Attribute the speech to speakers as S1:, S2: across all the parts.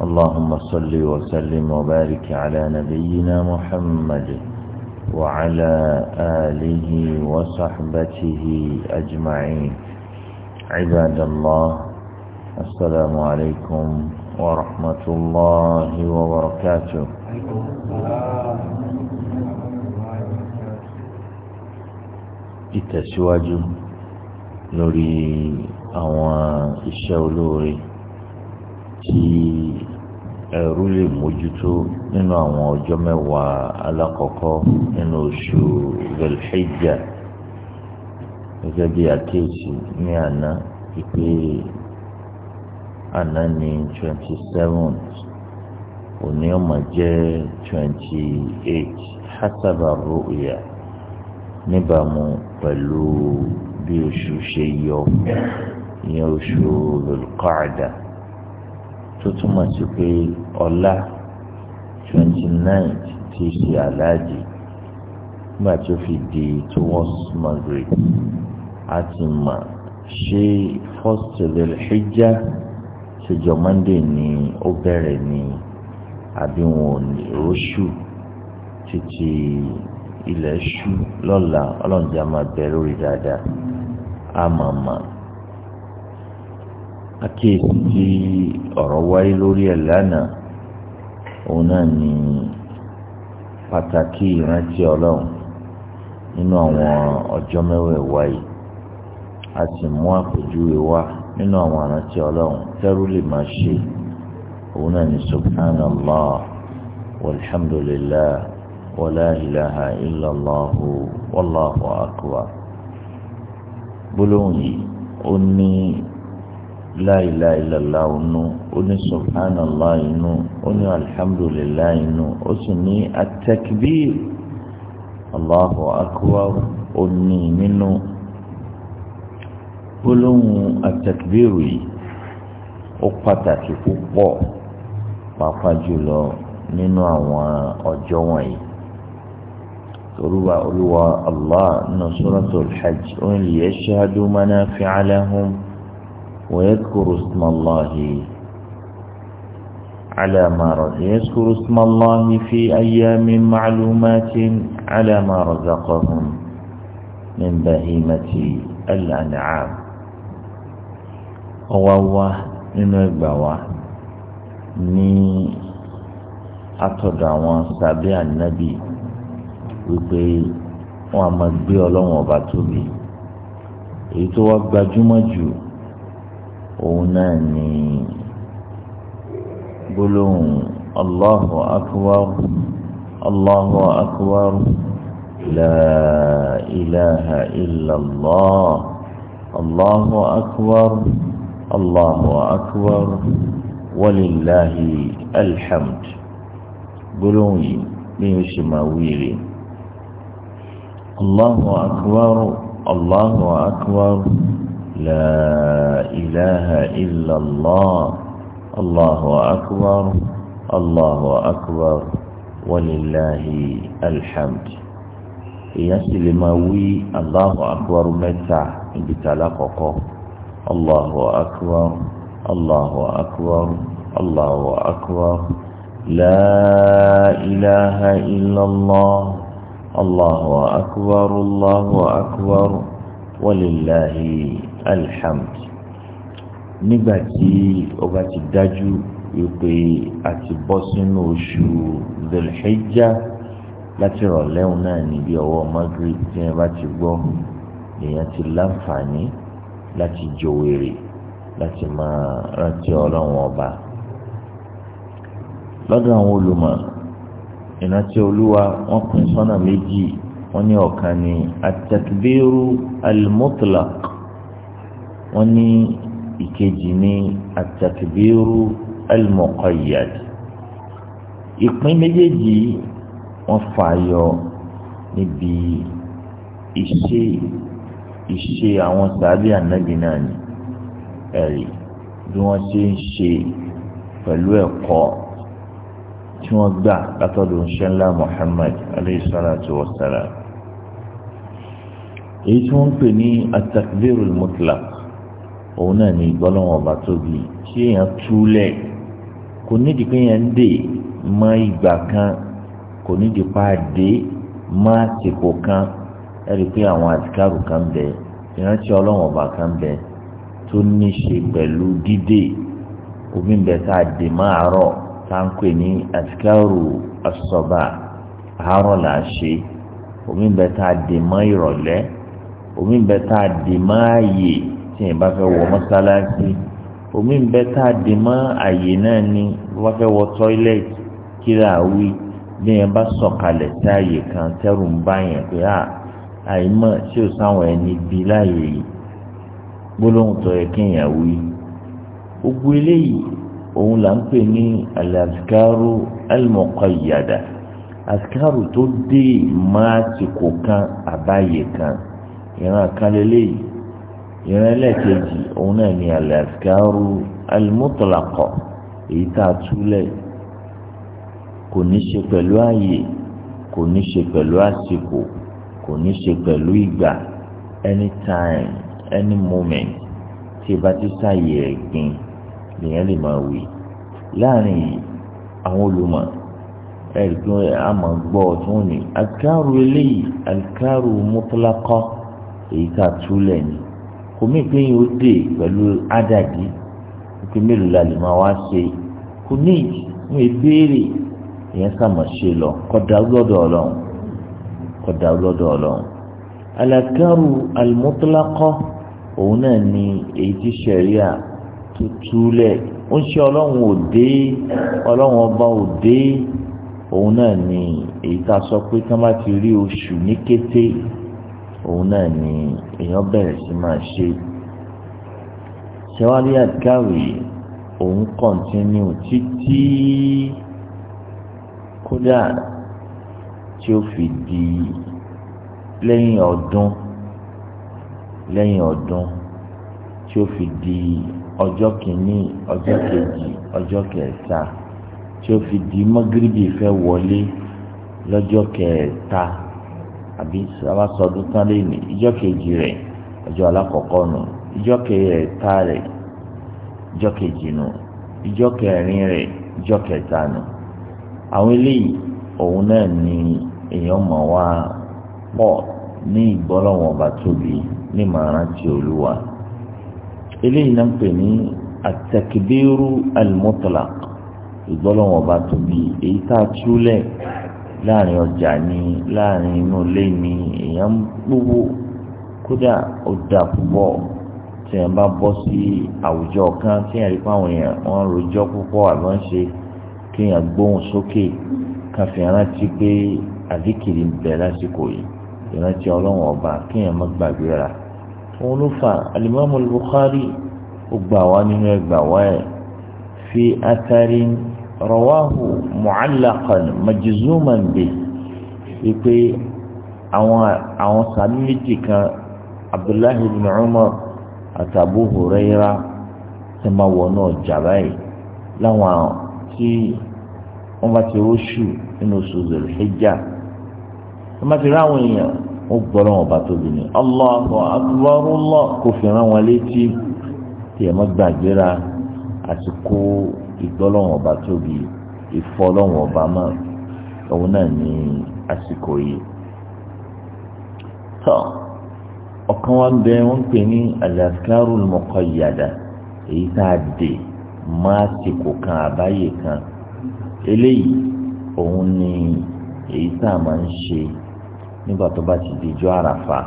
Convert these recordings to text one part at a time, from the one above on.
S1: اللهم صل وسلم وبارك على نبينا محمد وعلى آله وصحبته أجمعين عباد الله السلام عليكم ورحمة الله وبركاته التسواج lórí àwọn الشولوري ẹrú lè mójútó nínú àwọn ọjọ́ mẹ́wàá alákọ̀ọ́kọ́ nínú oṣù velhijja gẹ́gẹ́ bí àkéèsì ní àná pípé àná ní twenty seven òní ọmọ jẹ́ twenty eight hasaba ru'ya níbàámu pẹ̀lú bí oṣù ṣe yọ ìyẹn oṣù lulqaada tó túmọ̀ sí pé ọ̀la twenty nine ti ṣe aláàjì nígbà tí ó fi di towards maghrib a ti mọ̀ ṣé first lèlhijjá ṣèjọ monday ni ó bẹ̀rẹ̀ ni àbí oṣù títí ilẹ̀ ṣú lọ́la ọlọ́run máa bẹ lórí dáadáa a máa mọ̀ àkíyèsí tí ọ̀rọ̀ wáyé lórí ẹ̀ lánàá òun náà ní pàtàkì ìrántí ọlọ́run nínú àwọn ọjọ́ mẹ́wẹ̀ẹ́ wáyé a sì mú àpèjúwe wá nínú àwọn ìrántí ọlọ́run tẹ́rù lè máa ṣe òun náà ní subhanallah walhamdulillah wala ilaha illallah wallahu akbar gbólóhùn yìí ó ní láìlá ìlàlá inú ó ní subhanallá inú ó ní alhamdulilá inú ó sì ní atẹ́kbír allahu akbar ó ní nínú gbólóhùn atẹ́kbír yìí ó pàtàkì púpọ̀ pàápàá jùlọ nínú àwọn ọjọ́ wọ̀nyí toruba olúwa allah nínú suratul hajj ó ní liyashhadu manafi'a lahum. ويذكر اسم الله على ما يذكر اسم الله في أيام معلومات على ما رزقهم من بهيمة الأنعام وهو من ni atọ̀dọ̀ àwọn sàbẹ́ النبي wípé wọn a máa gbé ọlọ́wọ́n ọba tóbi èyí tó wá gbajúmọ̀ jù òun náà ni gbólóhùn Allahu akbar Allahu akbar la ilaha illallah Allahu akbar Allahu akbar walillahi alhamd gbólóhùn yìí bí o ṣe máa wíire Allahu akbar Allahu akbar. لا إله إلا الله الله أكبر الله أكبر ولله الحمد يا سلموي الله أكبر متى بتلقق الله أكبر الله أكبر الله أكبر لا إله إلا الله الله أكبر الله أكبر ولله alhamd nígbà tí ó bá ti dájú wípé a ti bọ́ sínú oṣù zelhijja láti rọ̀lẹ́hùn náà níbi ọwọ́ magrib tí wọ́n bá ti gbọ́ èèyàn ti láǹfààní láti jòwèrè láti máa rántí ọlọ́run ọba lọ́dọ̀ àwọn olùmọ̀ ìrántí olúwa wọ́n pín sọ́nà méjì wọ́n ní ọ̀kan ní atakbiru almutlaq wọ́n ní ìkejì ní atakibiru almuqayyad ìpín méjèèjì wọ́n fààyọ níbi ìṣe ìṣe àwọn sàbí ànábì náà ni ẹ̀rí bí wọ́n ṣe ń ṣe pẹ̀lú ẹ̀kọ́ tí wọ́n gbà látọ̀dọ̀ ṣẹlá Muhammad alayhi salatu èyí tí wọ́n ń pè ní atakbirul mutlaq òun náà ni ìgbọ́lọ́wọ́n ọba tóbi tí èèyàn túlẹ̀ kò nídìí pé èèyàn dè mọ́ kan kò nídìí pa dé mọ́ àsìkò kan ẹ pé àwọn kan bẹ ìrántí ọlọ́wọ́n ọba kan bẹ tó ní ṣe pẹ̀lú dídè omi bẹ tá a dè mọ́ àárọ̀ tá à ń pè ní àtikáàrù àárọ̀ là ṣe omi bẹ tá a dè mọ́ ìrọ̀lẹ́ omi bẹ tá a dè mọ́ tí yẹn bá fẹ́ wọ mọ́sálásí omi ń bẹ tá a dì mọ́ àyè náà ni wọ́n fẹ́ wọ tọ́ílẹ̀tì kíra wí bí yẹn bá sọ̀kalẹ̀ sí àyè kan tẹ́rù ń bá yẹn pé à ah, àìmọ̀ tí ò sáwọn ẹni bí láàyè yìí gbólóhùn tó yẹ kéèyàn wí. gbogbo eléyìí òun là ń pè ní alàzikaru almuqayyada azikaru tó dé máa ti kò kan àbáyé kan ìran kan lélẹ́yìí ìrẹ́lẹ̀ kejì òun náà ni al-azkaru al-mutlaqa èyí tá a túlẹ̀ kò ní ṣe pẹ̀lú ààyè kò ní ṣe pẹ̀lú àsìkò kò ní ṣe pẹ̀lú ìgbà anytime any moment tí ẹ bá ti ṣàyè ẹ̀gbin lèyàn lè máa wí láàrin yìí àwọn olùmọ̀ ẹ̀gbọ́n àmọ́ gbọ́ ọ̀tún ni azkaru eléyìí azkaru mutlaqa èyí tá a túlẹ̀ ni kò mí pé yóò dé pẹ̀lú ádàdí pé mélòó la lè máa wá ṣe kò ní ìwé béèrè ìyẹn sàmọ̀ ṣe lọ kọ́dà lọ́dọ̀ ọlọ́run kọ́dà lọ́dọ̀ ọlọ́run alakaru alimutulakọ òun náà ni èyí tí sẹ̀ríà tó túlẹ̀ ó ń ṣe ọlọ́run òde ọlọ́run ọba òde òun náà ni èyí tá a sọ pé ká má ti rí oṣù ní kété òun náà ni èèyàn bẹ̀rẹ̀ sí máa ṣe ṣẹwárí àdìgáwì òun kọ̀ntínú títí kódà tí ó fi di lẹ́yìn ọdún lẹ́yìn ọdún tí ó fi di ọjọ́ kìíní ọjọ́ kejì ọjọ́ kẹta tí ó fi di mọ́gíríbì fẹ́ wọlé lọ́jọ́ kẹta àbí sábà sọdún tán lẹ́yìn ìjọ kejì rẹ̀ ọjọ́ alákọ̀ọ́kọ́ nù ìjọ kẹta rẹ̀ ìjọ kejì nù ìjọ kẹrin rẹ̀ ìjọ kẹta nù àwọn eléyìí òun náà ni èèyàn mọ̀ wá pọ̀ ní ìgbọ́lọ́wọ̀n ọba tóbi ní màrán olúwa eléyìí náà ń pè ní àtẹkìdérú alimọ́tòlá ìgbọ́lọ́wọ̀n ọba tóbi èyí tá a túlẹ̀ láàrin ọjà ni láàrin inú ilé ni èèyàn ń gbowó kódà ó dà púpọ̀ tí èèyàn bá bọ́ sí àwùjọ kan tí èèyàn rí fáwọn èèyàn wọ́n ń rojọ́ púpọ̀ àbí wọ́n ń ṣe kí èèyàn gbóhùn sókè kan fi rántí pé àdìkìrì ń bẹ lásìkò yìí ìrántí ọlọ́run ọba kí èèyàn má gbàgbé rà òun ló fà alimami Bukhari ó gbà wá nínú ẹgbàá wá ẹ̀ fi atari rọwáhù mu'allaqan majzuman bi wípé àwọn àwọn sàmì méjì kan abdullahi ibn umar àti abu huraira ti máa wọ̀ náà jàrá yìí láwọn tí wọ́n bá ti róṣù nínú oṣù zulhijja wọ́n bá ti rí èèyàn wọ́n gbọ́dọ̀ wọn bá tóbi ni Allahu akbar Allah kò fi rán wọn létí tí ẹ̀ mọ́ gbàgbéra àsìkò ìgbọ́lọ́wọ̀n ọba tóbi ìfọlọ́wọ̀n ọba mọ́ òun náà ní àsìkò yìí. tọ́ ọ̀kan wa ń bẹ wọ́n ń pè ní al-azkarul muqayyada èyí tá a dè máa tìkò kan àbáyé kan eléyìí òun ni èyí tá a máa ń ṣe nígbà tó bá ti di àràfà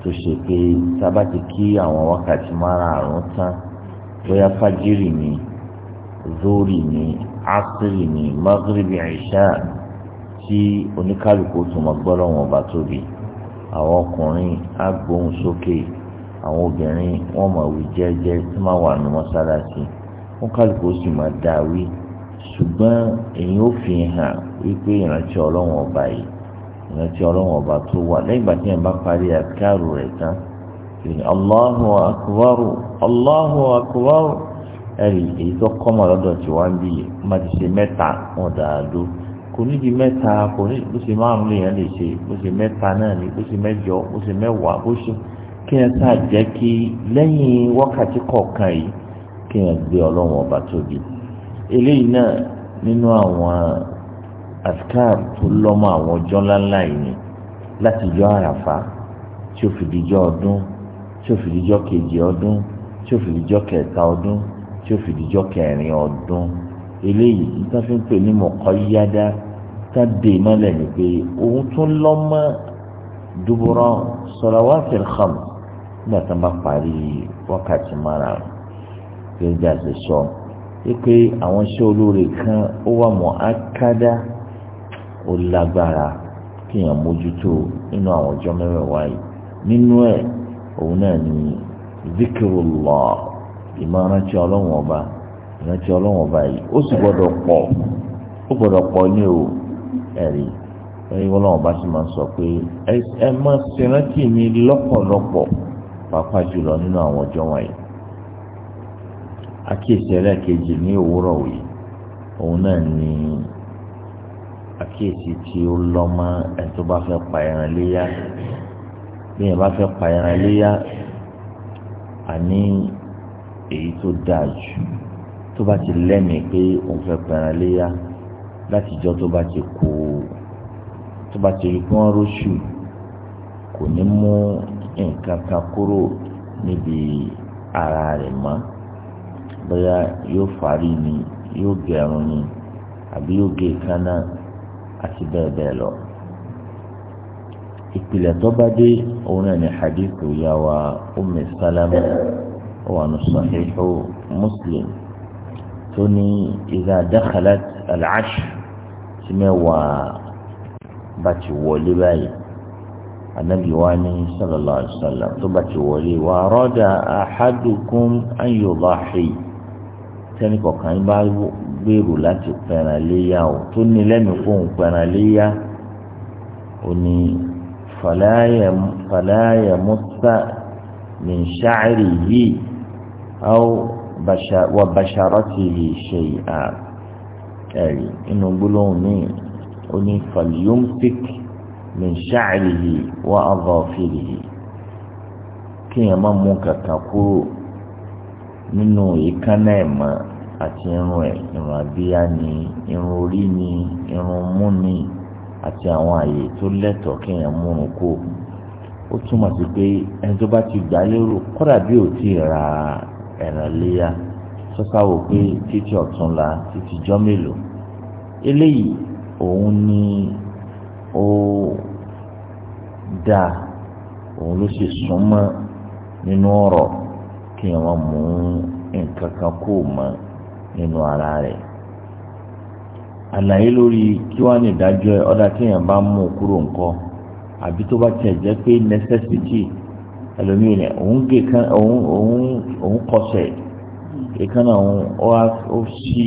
S1: tó ṣe pé tá ti kí àwọn wákàtí márààrún tán bóyá fájírì ni zori ní asiri ní magrebi aisha tí oníkálukú tó mọ gbọ́dọ̀ wọn bá tóbi àwọn ọkùnrin á gbóhùn sókè àwọn obìnrin wọn mọ̀ wí jẹ́jẹ́ tí máa wà ní mọ́sálásí wọn kálukú sì máa dá wí ṣùgbọ́n èyí ò fi hàn wípé ìrántí ọlọ́wọ́n ọba yìí ìrántí ọlọ́wọ́n ọba tó wà lẹ́yìn ìgbà tí yẹn bá parí àkàrò rẹ̀ tán ìrìn Allahu akbaru Allahu akbaru ẹ̀rí èyí tó kọ́mọ̀ lọ́dọ̀ tí wọ́n ń bí yìí má ti ṣe mẹ́ta wọn dàá dó kò ní di mẹ́ta kò ní bó ṣe márùn lèèyàn lè ṣe bó ṣe mẹ́ta náà ni bó ṣe mẹ́jọ bó ṣe mẹ́wàá bó ṣe kí ẹ sáà jẹ́ kí lẹ́yìn wákàtí kọ̀ọ̀kan yìí kí ẹ gbé ọlọ́run ọba tóbi eléyìí náà nínú àwọn askar tó lọ́mọ àwọn ọjọ́ ńláńlá yìí ni láti jọ àràfà tí ó fi dijọ́ ọdún tí ó fi dijọ́ kejì ọdún tí ó fi dijọ́ kẹta ọdún tí ó fi dijọ́ kẹrin ọdún eléyìí nígbà fi ń pè ní mọ̀kọ́ yíyádá ká dé mọ́lẹ̀ ni pé òun tún lọ́mọ dúbúrọ́ sọ̀rọ̀wá fìlxàm nígbà tá a bá parí wákàtí mara gbẹ̀gbẹ̀ àti sọ pé àwọn iṣẹ́ olóore kan ó wà mọ́ akádá ó lágbára kéèyàn mójútó nínú àwọn ọjọ́ mẹ́wẹ̀ẹ̀wá yìí nínú ẹ̀ òun náà ni zikirullah. ìmọ̀ràntí ọlọ́run ọba ìrántí ọlọ́run ọba yìí ó sì gbọ́dọ̀ pọ̀ ó gbọ́dọ̀ pọ̀ ní o ẹ̀rí ẹ̀rí ọlọ́run ọba sì máa sọ pé ẹ má ṣèrántí mi lọ́pọ̀lọpọ̀ pàápàá jùlọ nínú àwọn ọjọ́ wọ̀nyí àkíyèsí ẹlẹ́ẹ̀kejì ní òwúrọ̀ yìí òun náà ni àkíyèsí tí ó tó bá fẹ́ léyà bí bá fẹ́ èyí tó dáa jù tó bá ti lẹ́mìí pé òun fẹ́ pẹran léyà látijọ́ tó bá ti kú tó bá ti rí pé wọ́n róṣù kò ní mú nǹkan kan kúrò níbi ara rẹ̀ mọ́ bóyá yóò fárí ni yóò gẹrun ni àbí yóò gé kaná àti bẹ́ẹ̀ bẹ́ẹ̀ lọ. ìpìlẹ̀ tó bá dé òun náà ní hadith ìyá wa Ummu Salama. وعن صحيح مسلم تني إذا دخلت العشر سموا باتي ولي باي النبي واني صلى الله عليه وسلم تباتي ولي وأراد أحدكم أن يضحي tẹ́nì kọ̀ọ̀kan yín bá gbèrò láti pẹ̀ràn léyà o tó ní lẹ́nu fóun pẹ̀ràn léyà o ní fàlàyé mùsà ní sàárì yìí aw wa basharatihi shay'a ẹ̀rí inú gbólóhùn ní oní falyumsik min sha'rihi wa adhafirihi kéèyàn má mú kàkà kúrò nínú èékánná ẹ̀ mọ́ àti irun ẹ̀ irun àbíyá ni irun orí ni irun mú ni àti àwọn àyè tó lẹ́tọ̀ọ́ kéèyàn múrun kó ó túmọ̀ sí pé ẹni tó bá ti gbà lérò kódà bí ò tí ì ra ẹ̀ràn léyà sọ́sà wò pé títí ọ̀túnla títí jọ́ mélòó eléyìí òun ni ó dáa òun ló sì súnmọ́ nínú ọ̀rọ̀ kí wọ́n mú nǹkan kan kó mọ́ nínú ara rẹ̀ àlàyé lórí kí wọ́n ní ìdájọ́ ẹ̀ ọ̀dà kéèyàn bá mú un kúrò àbí tó bá tiẹ̀ jẹ́ ẹlòmíì ni òun gé kan òun òun òun kọsẹ̀ èkánná òun ó sí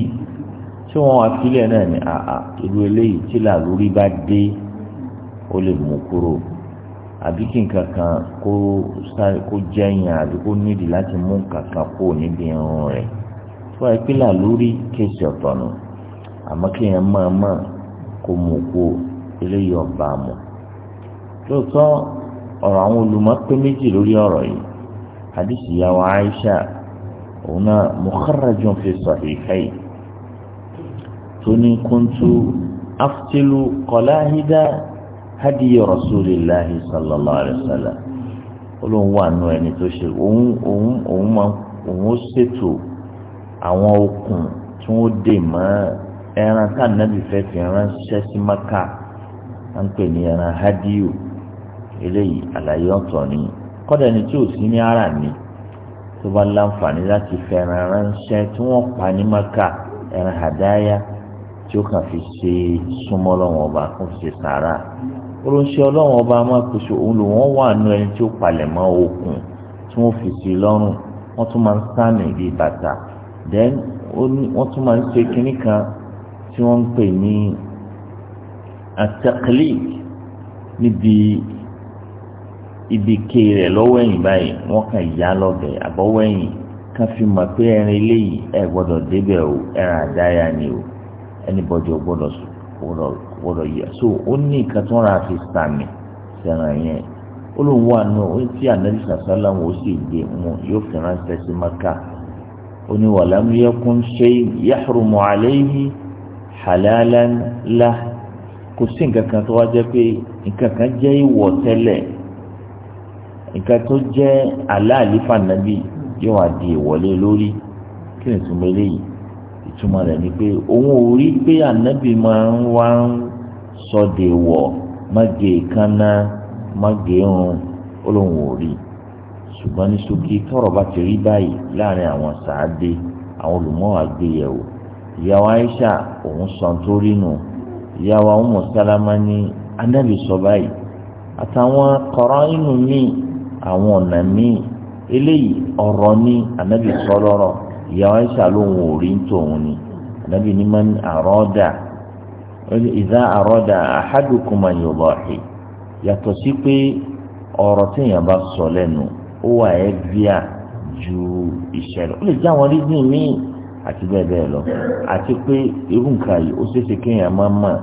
S1: tí wọn wá sílẹ̀ náà ni àà irú eléyìí tí làlórí bá dé ó lè mú kúrò àbí kí nǹkan kan kó sáré kó jẹyàn àbí kó nídìí láti mú nǹkan kan kó níbi irun rẹ̀ tó wáyé pé làlórí kéèsì ọ̀tọ̀ nù àmọ́ kéèyàn máa máa kó mú kó eléyìí ọba mọ̀ lóòótọ́ ọ̀rọ̀ àwọn olùmọ̀ pé méjì lórí ọ̀rọ̀ yìí hadisi yàwó Aisha òun náà mukharrajun fi sahihayn tóní kuntu aftilu qalahida hadiyi rasulillahi sallallahu alayhi wa sallam olóhùn wà nù ẹni tó ṣe òun òun òun máa òun ó ṣètò àwọn okùn tí wọ́n dè mọ́ ẹran tá nàbì fẹ́ fi ránṣẹ́ sí maka à ń pè ní ẹran hadiyu eléyìí àlàyé ọ̀tọ̀ ni kọ́dà ẹni tí ò sí ní ara ni tó bá láǹfààní láti fẹ́ ẹran ránṣẹ́ tí wọ́n pa ní maka ẹran àdáyà tí ó kàn fi ṣe súnmọ́ ọlọ́wọ́n ọba kó fi ṣe sàárà olóńṣe ọlọ́wọ́n ọba máa pèsè òun lò wọ́n wà nù ẹni tí ó palẹ̀ mọ́ okùn tí wọ́n fi sí lọ́rùn wọ́n tún máa ń sàmì bíi bàtà then wọ́n tún máa ń ṣe kinní kan tí wọ́n ń pè ní atẹ́kìlì níbi ibi ke rẹ̀ lọ́wọ́ ẹ̀yìn báyìí wọ́n kàn yá lọ́bẹ̀ àbọ̀wọ́ ẹ̀yìn kan fi mọ̀ pé ẹran eléyìí ẹ̀ gbọ́dọ̀ débẹ̀ o ẹran ni o gbọ́dọ̀ gbọ́dọ̀ yẹ so ó ní nǹkan tó ń ra fi sàmì sẹ́ran yẹn ó lóun wà nù ó ti ànábì sàṣálà wọn ó sì gbé mu e maka ó ní walam yakun kò sí nǹkan nǹkan tó jẹ́ aláàlí fànàbí yóò wá di ìwọlé lórí kí ni ìtumọ̀ eléyìí ìtumọ̀ rẹ̀ ni pé òun ò rí pé ànábì máa ń wá ń sọdè wọ̀ mọ́gé kánná mọ́gé irun ó lóun ò rí ṣùgbọ́n ní ṣókí tọrọ bá ti rí báyìí láàrin àwọn sàádé àwọn olùmọ́wà gbéyẹ̀wò ìyàwó Aisha òun sọ tó rí nù ìyàwó Ummu Salama ní ànábì sọ báyìí àtàwọn kọ̀rọ̀ inú míì àwọn ọ̀nà míì eléyìí ọ̀rọ̀ ní anabi sọlọ́rọ̀ ìyá aisha lóun ò rí tòun ni anabi ní man àrọ́dà ìdá àrọ́dà àhádùkùmá yudhi yàtọ̀ sí pé ọ̀rọ̀ téèyàn bá sọ lẹ́nu ó wà ẹ́ bíà ju iṣẹ́ lọ ó lè já àwọn rídìn míì àti bẹ́ẹ̀ bẹ́ẹ̀ lọ àti pé irú nǹkan yìí ó ṣeéṣe kéèyàn máa mọ̀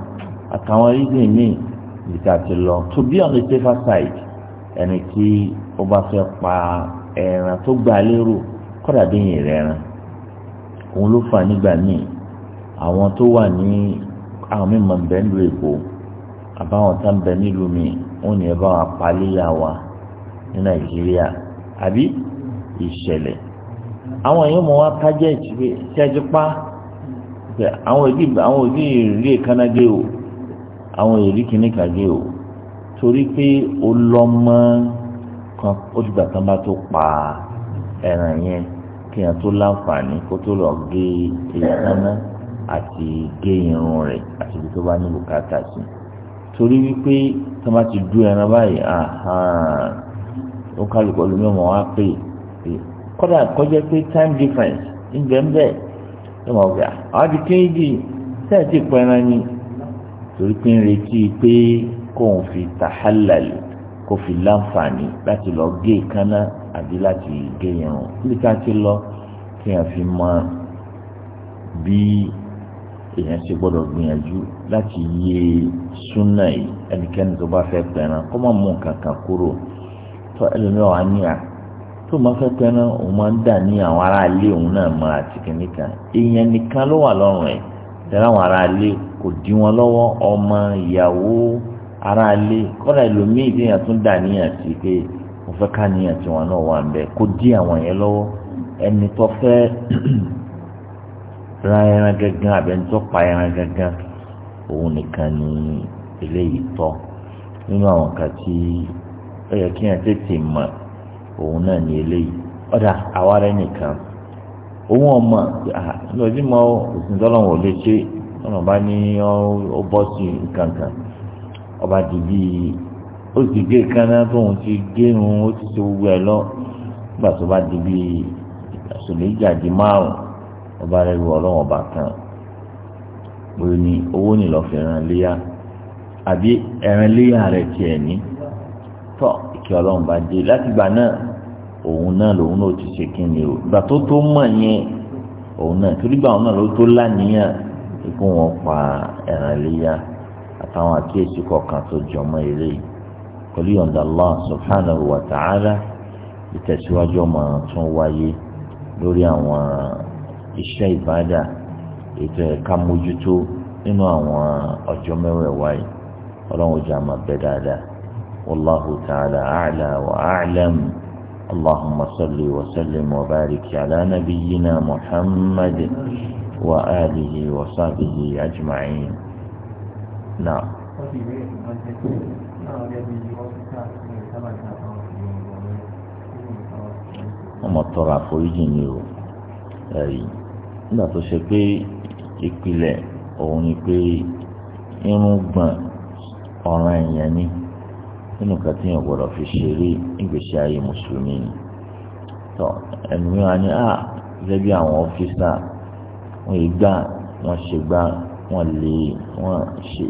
S1: àtàwọn rídìn míì níta ti lọ to be on the safer side ẹni tí ó bá fẹ́ pa ẹran tó gbà lérò kọ́dà déyìn rẹ̀ ẹran òun ló fà nígbà míì àwọn tó wà ní àwọn mímọ̀ bẹ́ẹ̀ ń lo èkó àbáwọn tá ń bẹ nílùú mi wọn ní ẹ bá wọn paléyà wa ní nàìjíríà àbí ìṣẹ̀lẹ̀ àwọn èèyàn mọ wá kájẹ ìṣẹ̀lẹ̀ pa àwọn òbí àwọn òbí rí èkánná o àwọn èrí kìnnìkan o torí pé ó lọ́mọ kan ó dìgbà kan bá tó pa ẹran yẹn kí èèyàn tó láǹfààní kó tó lọ gé èékánná àti gé irun rẹ̀ àti ibi tó bá ní bùkátà sí torí wípé tó bá ti dú ẹran báyìí ó kálukọ lómi ọmọ wa pè é kódà kọjá pé time difference ń bẹ́ẹ̀ bẹ́ẹ̀ ah, ẹ mọ̀ gbà àwọn ti kéjì sẹ́ẹ̀ ti ni torí pé ń retí pé kóun fi tàhálàlì kó fi láǹfààní láti lọ gé ìkánná àbí láti gé irun níbi tá a ti lọ kí èèyàn fi mọ bí èèyàn ṣe gbọ́dọ̀ gbìyànjú láti yé súnà yìí ẹnikẹ́ni tó bá fẹ́ pẹran kó má mú nǹkan kan kúrò tó ẹlòmíràn wà níyà tó máa fẹ́ pẹran òun máa ń dà ní àwọn aráalé òun náà mọ àti kìnìkan èèyàn nìkan ló wà lọ́rùn ẹ̀ tẹ́lẹ̀ àwọn aráalé kò dí wọn lọ́wọ́ ọmọ ìyàwó ara lé kọ́ra ẹlòmíì téèyàn tún dà níyàn sí pé mo fẹ́ ká níyàn tí wọn náà wà ń bẹ kó dí àwọn yẹn lọ́wọ́ ẹni tó fẹ́ ra ẹran gangan àbẹni tó pa ẹran gangan òun nìkan ni eléyìí tọ́ nínú àwọn kan tí ó yẹ kí yẹn tètè mọ̀ òun náà ni eléyìí ọ̀dà àwárẹ̀ nìkan òun ọmọ lọ́jọ́ lè ṣe ọba dìbí ó ti gé kaná tóun ti gérun ó ti ṣe gbogbo ẹ lọ nígbà tó bá dìbí ìdásọ̀lẹ́jàdì márùn ọba rẹ̀ lu ọlọ́wọ́n ọba kan òun ni owó nílò fi ràn léyà àbí ẹran léyà rẹ̀ tiẹ̀ ní tọ́ ìkẹ́ ọlọ́run bá dé látìgbà náà òun náà lòun náà ti ṣe kíni o ìgbà tó tó mọ̀ yẹn òun náà torí gbà òun náà ló tó láníyàn ikú wọn pa ẹran léyà àtàwọn àkíyèsí kọ̀ọ̀kan tó jọ mọ́ eré yìí pẹ̀lú yọ̀ǹda Allah subhanahu wa ta'ala ìtẹ̀síwájú ọmọ tún wáyé lórí àwọn iṣẹ́ ìbádà ètò ẹ̀ka mójútó nínú àwọn ọjọ́ mẹ́wẹ̀ẹ̀wá yìí ọlọ́run jẹ́ àmà bẹ́ẹ̀ dáadáa wallahu ta'ala a'la wa a'lam اللهم صل وسلم وبارك على نبينا محمد وآله وصحبه أجمعين náà. ọmọ tọrọ àforíjì ni o ẹ̀rí nígbà tó ṣe pé ìpìlẹ̀ òun ni pé irun gbọ̀n ọ̀ràn èèyàn ni nínú nǹkan tí gbọ́dọ̀ fi ṣeré ìgbésí ayé mùsùlùmí ni tọ ẹnu mi wá ní à gẹ́gẹ́ bí àwọn ọ́fíìsà wọ́n yìí gbà wọ́n ṣe gbà wọ́n lè wọ́n ṣe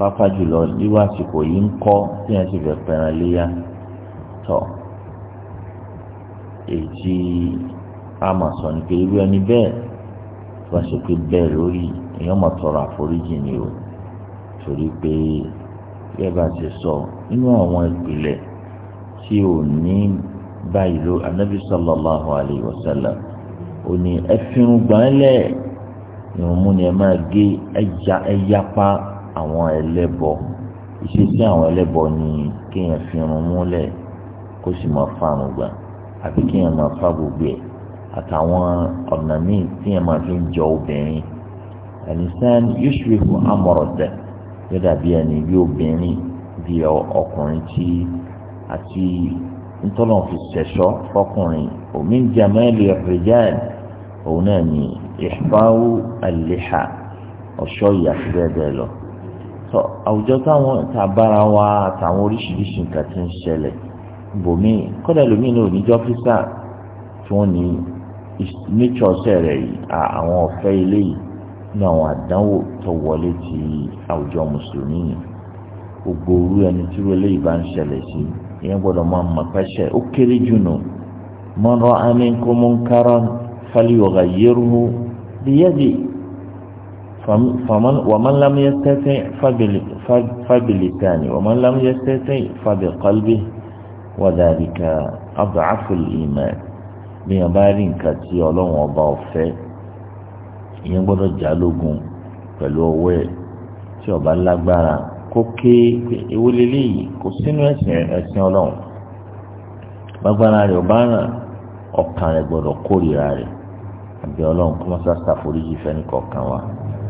S1: pápá jùlọ irú àsìkò yìí ń kọ́ tí wọ́n ti fẹ́ pẹ̀rẹ̀ léyà tọ̀ èyí tí a mọ̀ sọ ni pé irú ẹni bẹ́ẹ̀ tí wọ́n ṣe pé bẹ́ẹ̀ lórí èèyàn mọ̀ tọrọ àforíjì ni o torí pé bí ẹ bá ti sọ nínú àwọn ìpìlẹ̀ tí ò ní báyìí ló anabi sallallahu alayhi wa sallam ò ní ẹ fi irun gbọ́n lẹ̀ irun mú ni ẹ máa gé ẹja ẹyapa àwọn ẹlẹ́bọ ìṣesí àwọn ẹlẹ́bọ ni kéèyàn fi irun múlẹ̀ kó sì máa fárun gbà àbí kéèyàn máa fá gbogbo ẹ̀ àtàwọn ọ̀nà míì téèyàn máa fi ń jọ obìnrin ẹ̀nìsán yusufu amọ̀rọ̀tẹ̀ yóò dàbí ẹni bí obìnrin bí ọkùnrin tí àti ntọ́nà fi ṣẹ̀ṣọ́ fọkùnrin omi ń jamẹ́lì rìjáàd òun náà ní ìfáwù àlìhà ọ̀ṣọ́ ìyàtọ̀ lọ tọ àwùjọ táwọn tàbára wa àtàwọn oríṣiríṣi nǹkan ti ń ṣẹlẹ̀ bòmíì kọ́dà lómi ní oníjọ́ físà tí wọ́n ní nítsọ̀ọ́sẹ̀ rẹ̀ àwọn ọ̀fẹ́ ilé yìí ní àwọn àdánwò tó wọlé ti àwùjọ mùsùlùmí yìí gbogbo orú ẹni tí wọlé yìí bá ń ṣẹlẹ̀ sí ìyẹn gbọ́dọ̀ máa mọ̀ pẹ́ṣẹ̀ ó kéré jù nù man ra'a minkum munkaran falyughayyiruhu فمن ومن لم يستطع فبلسانه ومن لم يستطع فبقلبه وذلك أضعف الإيمان bí yẹn bá rí nǹkan tí ọlọ́run ọba ọ̀fẹ́ ìyẹn gbọ́dọ̀ já lógun pẹ̀lú ọwọ́ ẹ̀ tí ọba lágbára kó ké ewu leléyìí kó sínú ẹ̀sìn ẹ̀sìn ọlọ́run gbàgbára rẹ̀ ọba ràn ọkàn rẹ̀ gbọ́dọ̀ kórìíra rẹ̀ àbí ọlọ́run kó má sá ṣàforíjì fẹ́ni kọ̀ọ̀kan wa.